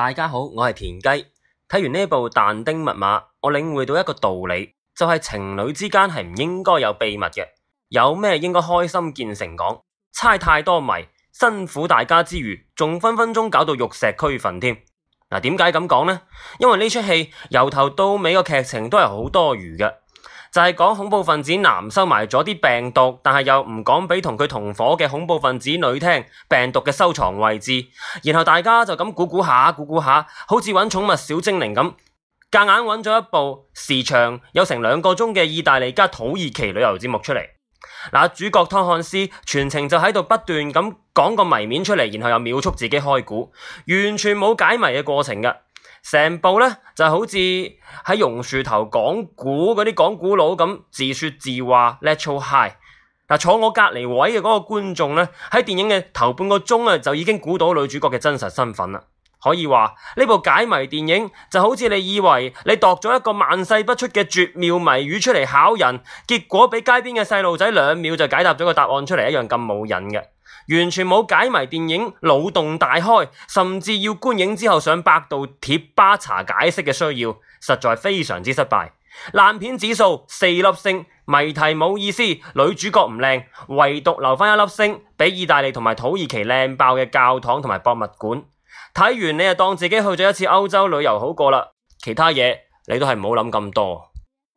大家好，我係田雞。睇完呢部《但丁密碼》，我領會到一個道理，就係、是、情侶之間係唔應該有秘密嘅。有咩應該開心見誠講，猜太多謎，辛苦大家之餘，仲分分鐘搞到玉石俱焚添。嗱、啊，點解咁講呢？因為呢出戲由頭到尾個劇情都係好多餘嘅。就係講恐怖分子男收埋咗啲病毒，但係又唔講俾同佢同伙嘅恐怖分子女聽病毒嘅收藏位置。然後大家就咁估估下、估估下，好似揾寵物小精靈咁，隔硬揾咗一部時長有成兩個鐘嘅意大利加土耳其旅遊節目出嚟。主角湯漢斯全程就喺度不斷咁講個謎面出嚟，然後又秒速自己開估，完全冇解謎嘅過程嘅。成部呢就好似喺榕樹頭講古嗰啲講古佬咁自說自話自嗨。嗱，坐我隔籬位嘅嗰個觀眾呢，喺電影嘅頭半個鐘啊就已經估到女主角嘅真實身份啦。可以話呢部解謎電影就好似你以為你度咗一個萬世不出嘅絕妙謎語出嚟考人，結果俾街邊嘅細路仔兩秒就解答咗個答案出嚟一樣咁冇癮嘅。完全冇解謎電影腦洞大開，甚至要觀影之後上百度貼吧查解釋嘅需要，實在非常之失敗爛片指數四粒星，謎題冇意思，女主角唔靚，唯獨留返一粒星俾意大利同埋土耳其靚爆嘅教堂同埋博物館。睇完你就當自己去咗一次歐洲旅遊好過啦，其他嘢你都係唔好諗咁多。